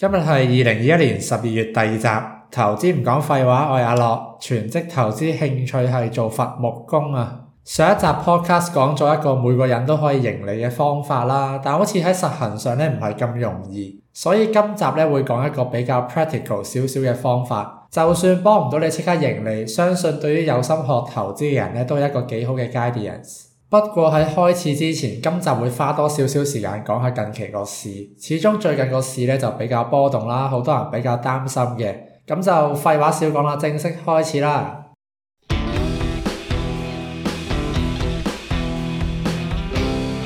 今日係二零二一年十二月第二集，投資唔講廢話，我是阿樂全職投資，興趣係做伐木工啊。上一集 podcast 講咗一個每個人都可以盈利嘅方法啦，但好似喺實行上咧唔係咁容易，所以今集咧會講一個比較 practical 少少嘅方法，就算幫唔到你即刻盈利，相信對於有心學投資嘅人咧都係一個幾好嘅 guidance。不過喺開始之前，今集會花多少少時間講下近期個市，始終最近個市呢就比較波動啦，好多人比較擔心嘅。咁就廢話少講啦，正式開始啦。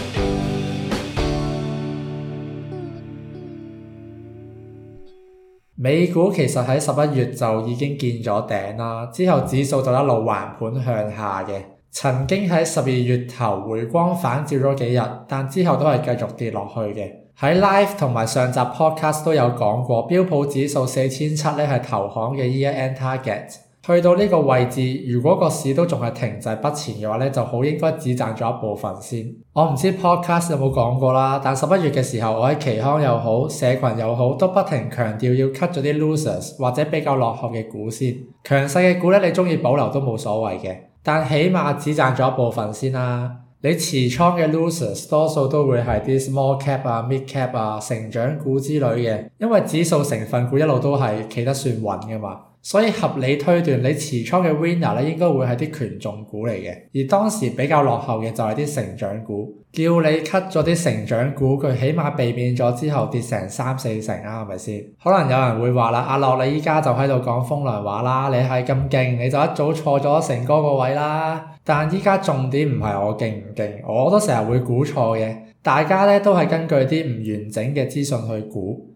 美股其實喺十一月就已經見咗頂啦，之後指數就一路橫盤向下嘅。曾經喺十二月頭回光返照咗幾日，但之後都係繼續跌落去嘅。喺 live 同埋上集 podcast 都有講過，標普指數四千七咧係投行嘅 year end target。去到呢個位置，如果個市都仲係停滯不前嘅話咧，就好應該只賺咗一部分先。我唔知 podcast 有冇講過啦，但十一月嘅時候，我喺期康又好，社群又好，都不停強調要 cut 咗啲 losers 或者比較落後嘅股先。強勢嘅股咧，你中意保留都冇所謂嘅。但起碼只賺咗一部分先啦。你持倉嘅 losers 多數都會係啲 small cap 啊、mid cap 啊、成長股之類嘅，因為指數成分股一路都係企得算穩嘅嘛。所以合理推斷，你持倉嘅 winner 咧應該會係啲權重股嚟嘅，而當時比較落後嘅就係啲成長股。叫你 cut 咗啲成長股，佢起碼避免咗之後跌成三四成啊。係咪先？可能有人會話啦，阿、啊、樂你依家就喺度講風涼話啦，你係咁勁，你就一早錯咗成個個位啦。但依家重點唔係我勁唔勁，我都成日會估錯嘅。大家咧都係根據啲唔完整嘅資訊去估。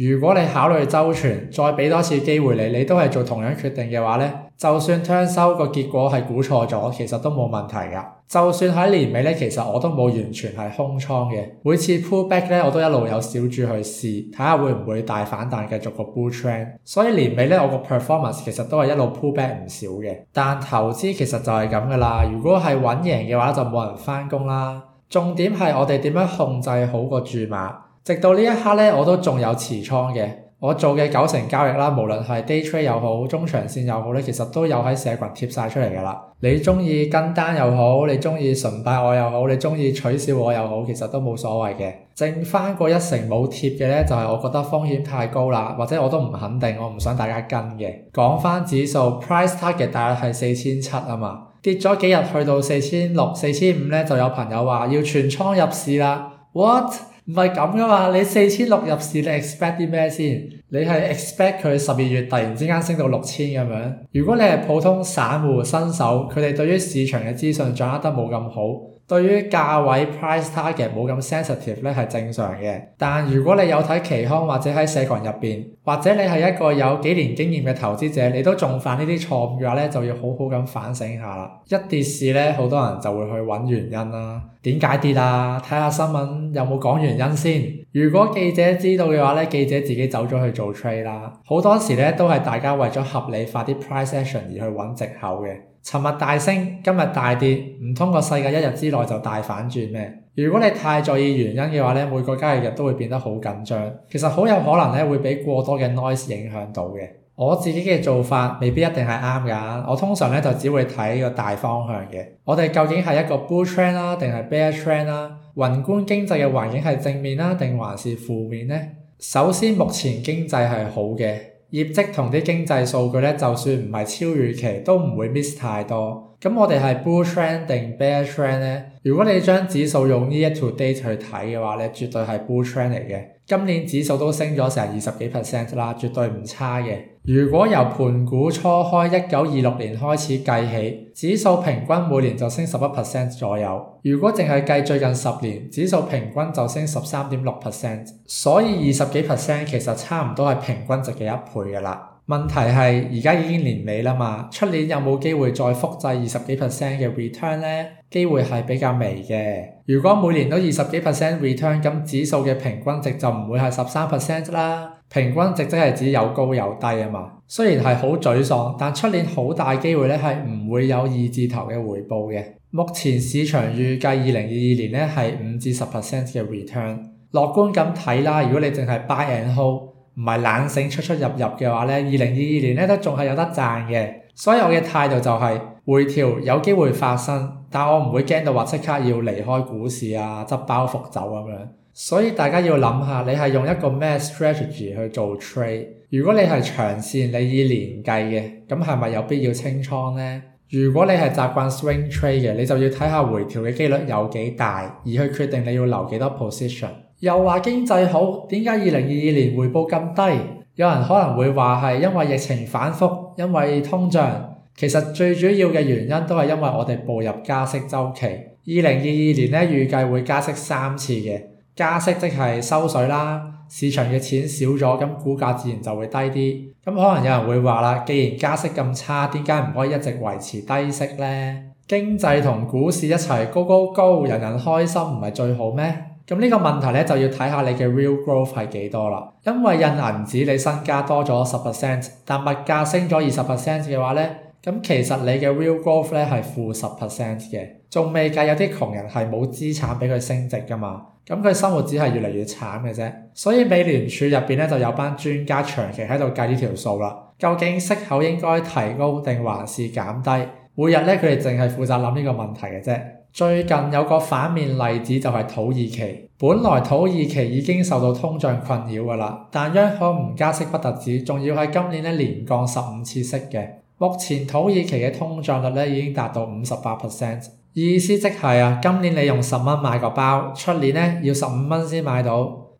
如果你考慮周全，再俾多次機會你，你都係做同樣決定嘅話呢，就算聽收個結果係估錯咗，其實都冇問題嘅。就算喺年尾呢，其實我都冇完全係空倉嘅，每次 pull back 呢，我都一路有小注去試，睇下會唔會大反彈繼續個 bull trend。所以年尾呢，我個 performance 其實都係一路 pull back 唔少嘅。但投資其實就係咁噶啦，如果係穩贏嘅話，就冇人返工啦。重點係我哋點樣控制好個注碼。直到呢一刻咧，我都仲有持倉嘅。我做嘅九成交易啦，無論係 day trade 又好，中長線又好咧，其實都有喺社群貼晒出嚟㗎啦。你中意跟單又好，你中意崇拜我又好，你中意取笑我又好，其實都冇所謂嘅。剩翻嗰一成冇貼嘅咧，就係我覺得風險太高啦，或者我都唔肯定，我唔想大家跟嘅。講翻指數，Price target 大約係四千七啊嘛，跌咗幾日去到四千六、四千五咧，就有朋友話要全倉入市啦。What？唔係咁㗎嘛，你四千六入市，你 expect 啲咩先？你係 expect 佢十二月突然之間升到六千咁樣？如果你係普通散戶新手，佢哋對於市場嘅資訊掌握得冇咁好。對於價位 price target 冇咁 sensitive 咧係正常嘅，但如果你有睇期貨或者喺社群入面，或者你係一個有幾年經驗嘅投資者，你都仲犯呢啲錯誤嘅話咧，就要好好咁反省一下啦。一跌市咧，好多人就會去揾原因啦，點解跌啦，啊？睇下新聞有冇講原因先。如果記者知道嘅話呢，記者自己走咗去做 trade 啦。好多時呢，都係大家為咗合理化啲 price action 而去揾藉口嘅。尋日大升，今日大跌，唔通個世界一日之內就大反轉咩？如果你太在意原因嘅話咧，每個交易日都會變得好緊張。其實好有可能咧會畀過多嘅 noise 影響到嘅。我自己嘅做法未必一定係啱㗎。我通常呢就只會睇個大方向嘅。我哋究竟係一個 bull trend 啦、啊，定係 bear trend 啦、啊？宏觀經濟嘅環境係正面啦、啊，定還是負面呢？首先，目前經濟係好嘅。業績同啲經濟數據咧，就算唔係超預期，都唔會 miss 太多。咁我哋係 bull trend 定 bear trend 咧？如果你將指數用呢一 t date 去睇嘅話，咧絕對係 bull trend 嚟嘅。今年指數都升咗成二十幾 percent 啦，絕對唔差嘅。如果由盤古初開一九二六年開始計起，指數平均每年就升十一 percent 左右。如果淨係計最近十年，指數平均就升十三點六 percent。所以二十幾 percent 其實差唔多係平均值嘅一倍㗎啦。問題係而家已經年尾啦嘛，出年有冇機會再複製二十幾 percent 嘅 return 呢？機會係比較微嘅。如果每年都二十幾 percent return，咁指數嘅平均值就唔會係十三 percent 啦。平均值即係指有高有低啊嘛。雖然係好沮喪，但出年好大機會咧係唔會有二字頭嘅回報嘅。目前市場預計二零二二年咧係五至十 percent 嘅 return。樂觀咁睇啦，如果你淨係 buy and hold。唔係冷性出出入入嘅話呢，二零二二年咧都仲係有得賺嘅，所以我嘅態度就係回調有機會發生，但我唔會驚到話即刻要離開股市啊，執包袱走咁樣。所以大家要諗下，你係用一個咩 strategy 去做 trade？如果你係長線，你以年計嘅，咁係咪有必要清倉呢？如果你係習慣 swing trade 嘅，你就要睇下回調嘅機率有幾大，而去決定你要留幾多 position。又話經濟好，點解二零二二年回報咁低？有人可能會話係因為疫情反覆，因為通脹。其實最主要嘅原因都係因為我哋步入加息週期。二零二二年呢，預計會加息三次嘅，加息即係收水啦。市場嘅錢少咗，咁股價自然就會低啲。咁可能有人會話啦，既然加息咁差，點解唔可以一直維持低息呢？經濟同股市一齊高高高，人人開心，唔係最好咩？咁呢個問題咧就要睇下你嘅 real growth 係幾多啦，因為印銀紙你身家多咗十 percent，但物價升咗二十 percent 嘅話咧，咁其實你嘅 real growth 咧係負十 percent 嘅，仲未計有啲窮人係冇資產俾佢升值㗎嘛，咁佢生活只係越嚟越慘嘅啫。所以美聯儲入邊咧就有班專家長期喺度計呢條數啦，究竟息口應該提高定還是減低？每日咧佢哋淨係負責諗呢個問題嘅啫。最近有個反面例子就係土耳其，本來土耳其已經受到通脹困擾㗎啦，但央行唔加息不特止，仲要係今年咧連降十五次息嘅。目前土耳其嘅通脹率咧已經達到五十八 percent，意思即係啊，今年你用十蚊買個包，出年咧要十五蚊先買到。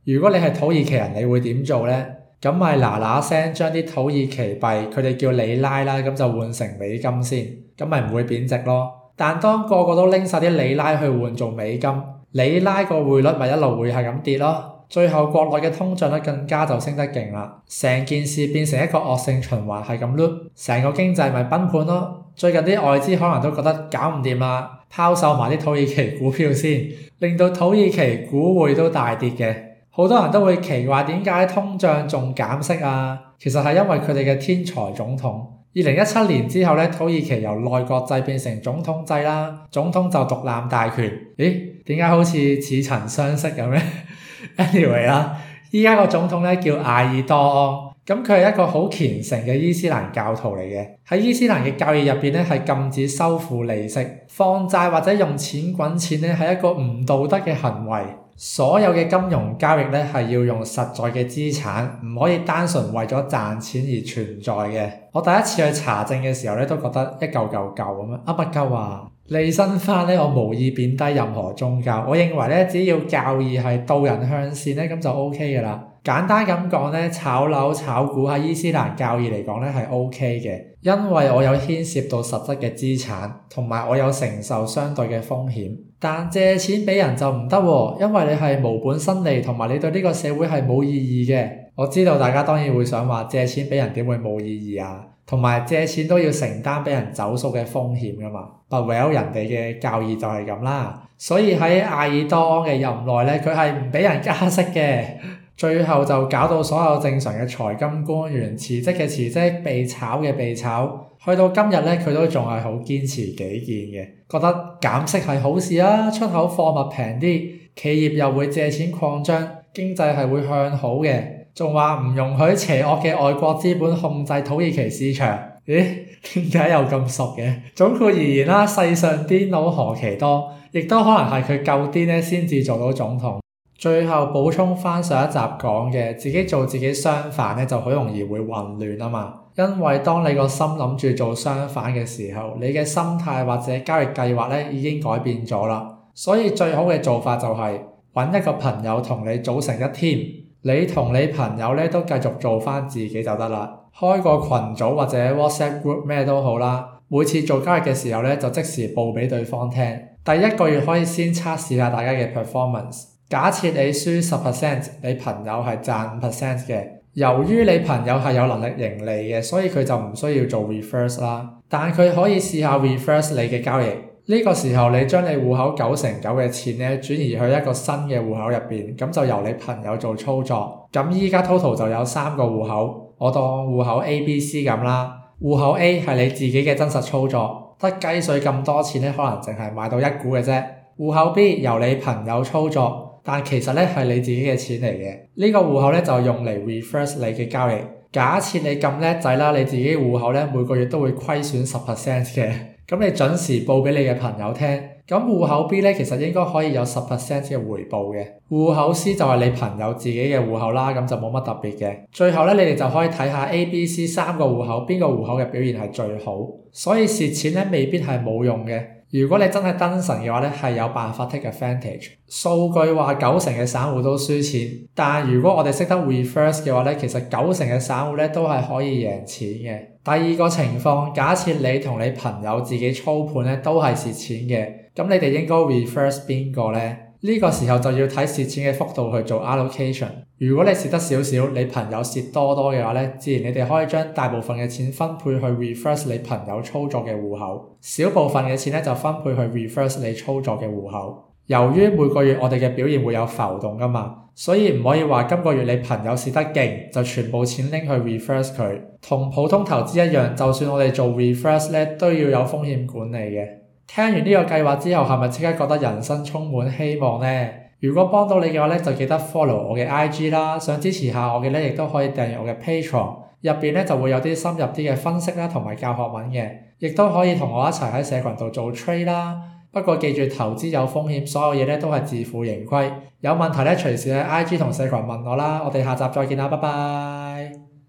如果你係土耳其人，你會點做呢？咁咪嗱嗱聲將啲土耳其幣，佢哋叫里拉啦，咁就換成美金先，咁咪唔會貶值咯。但當個個都拎晒啲里拉去換做美金，里拉個匯率咪一路會係咁跌咯。最後國內嘅通脹咧更加就升得勁啦，成件事變成一個惡性循環係咁 loop，成個經濟咪崩盤咯。最近啲外資可能都覺得搞唔掂啦，拋售埋啲土耳其股票先，令到土耳其股匯都大跌嘅。好多人都會奇怪點解通脹仲減息啊？其實係因為佢哋嘅天才總統。二零一七年之後咧，土耳其由內閣制變成總統制啦，總統就獨攬大權。咦？點解好似似曾相識嘅咩 ？anyway 啦，依家個總統咧叫艾爾多安，咁佢係一個好虔誠嘅伊斯蘭教徒嚟嘅。喺伊斯蘭嘅教義入面，咧，係禁止收付利息、放債或者用錢滾錢咧，係一個唔道德嘅行為。所有嘅金融交易呢，係要用實在嘅資產，唔可以單純為咗賺錢而存在嘅。我第一次去查證嘅時候呢，都覺得一嚿嚿舊咁樣。阿麥吉話：利申、啊、花呢，我無意貶低任何宗教，我認為呢，只要教義係導人向善呢，咁就 O K 嘅啦。簡單咁講咧，炒樓炒股喺伊斯蘭教義嚟講咧係 OK 嘅，因為我有牽涉到實質嘅資產，同埋我有承受相對嘅風險。但借錢俾人就唔得喎，因為你係無本生利，同埋你對呢個社會係冇意義嘅。我知道大家當然會想話借錢俾人點會冇意義啊，同埋借錢都要承擔俾人走數嘅風險噶嘛。But well 人哋嘅教義就係咁啦，所以喺艾爾多安嘅任內咧，佢係唔俾人加息嘅。最後就搞到所有正常嘅財金官員辭職嘅辭職，被炒嘅被炒，去到今日咧，佢都仲係好堅持己件嘅，覺得減息係好事啊，出口貨物平啲，企業又會借錢擴張，經濟係會向好嘅，仲話唔容許邪惡嘅外國資本控制土耳其市場。咦？點解又咁熟嘅？總括而言啦，世上癲佬何其多，亦都可能係佢夠癲咧，先至做到總統。最後補充翻上一集講嘅，自己做自己相反咧就好容易會混亂啊嘛。因為當你個心諗住做相反嘅時候，你嘅心態或者交易計劃咧已經改變咗啦。所以最好嘅做法就係揾一個朋友同你組成一 team，你同你朋友咧都繼續做翻自己就得啦。開個群組或者 WhatsApp group 咩都好啦，每次做交易嘅時候咧就即時報俾對方聽。第一個月可以先測試下大家嘅 performance。假設你輸十 percent，你朋友係賺五 percent 嘅。由於你朋友係有能力盈利嘅，所以佢就唔需要做 reverse 啦。但佢可以試下 reverse 你嘅交易。呢個時候你將你戶口九成九嘅錢咧轉移去一個新嘅戶口入邊，咁就由你朋友做操作。咁依家 total 就有三個戶口，我當戶口 A、B、C 咁啦。戶口 A 係你自己嘅真實操作，得雞碎咁多錢咧，可能淨係買到一股嘅啫。戶口 B 由你朋友操作。但其實咧係你自己嘅錢嚟嘅，呢個戶口咧就用嚟 reverse 你嘅交易。假設你咁叻仔啦，你自己戶口咧每個月都會虧損十 percent 嘅，咁你準時報俾你嘅朋友聽，咁戶口 B 咧其實應該可以有十 percent 嘅回報嘅。戶口 C 就係你朋友自己嘅戶口啦，咁就冇乜特別嘅。最後咧，你哋就可以睇下 A、B、C 三個戶口邊個戶口嘅表現係最好，所以蝕錢咧未必係冇用嘅。如果你真係燈神嘅話呢，係有辦法 take advantage。數據話九成嘅散戶都輸錢，但如果我哋識得 reverse 嘅話呢，其實九成嘅散戶呢都係可以贏錢嘅。第二個情況，假設你同你朋友自己操盤呢都係蝕錢嘅，咁你哋應該 reverse 邊個呢？呢個時候就要睇蝕錢嘅幅度去做 allocation。如果你蝕得少少，你朋友蝕多多嘅話咧，自然你哋可以將大部分嘅錢分配去 reverse 你朋友操作嘅戶口，小部分嘅錢咧就分配去 reverse 你操作嘅戶口。由於每個月我哋嘅表現會有浮動噶嘛，所以唔可以話今個月你朋友蝕得勁就全部錢拎去 reverse 佢。同普通投資一樣，就算我哋做 reverse 咧都要有風險管理嘅。聽完呢個計劃之後，係咪即刻覺得人生充滿希望呢？如果幫到你嘅話咧，就記得 follow 我嘅 IG 啦。想支持下我嘅咧，亦都可以訂閱我嘅 Patreon，入面咧就會有啲深入啲嘅分析啦，同埋教學文嘅，亦都可以同我一齊喺社群度做 trade 啦。不過記住投資有風險，所有嘢咧都係自負盈虧。有問題咧，隨時喺 IG 同社群問我啦。我哋下集再見啦，拜拜。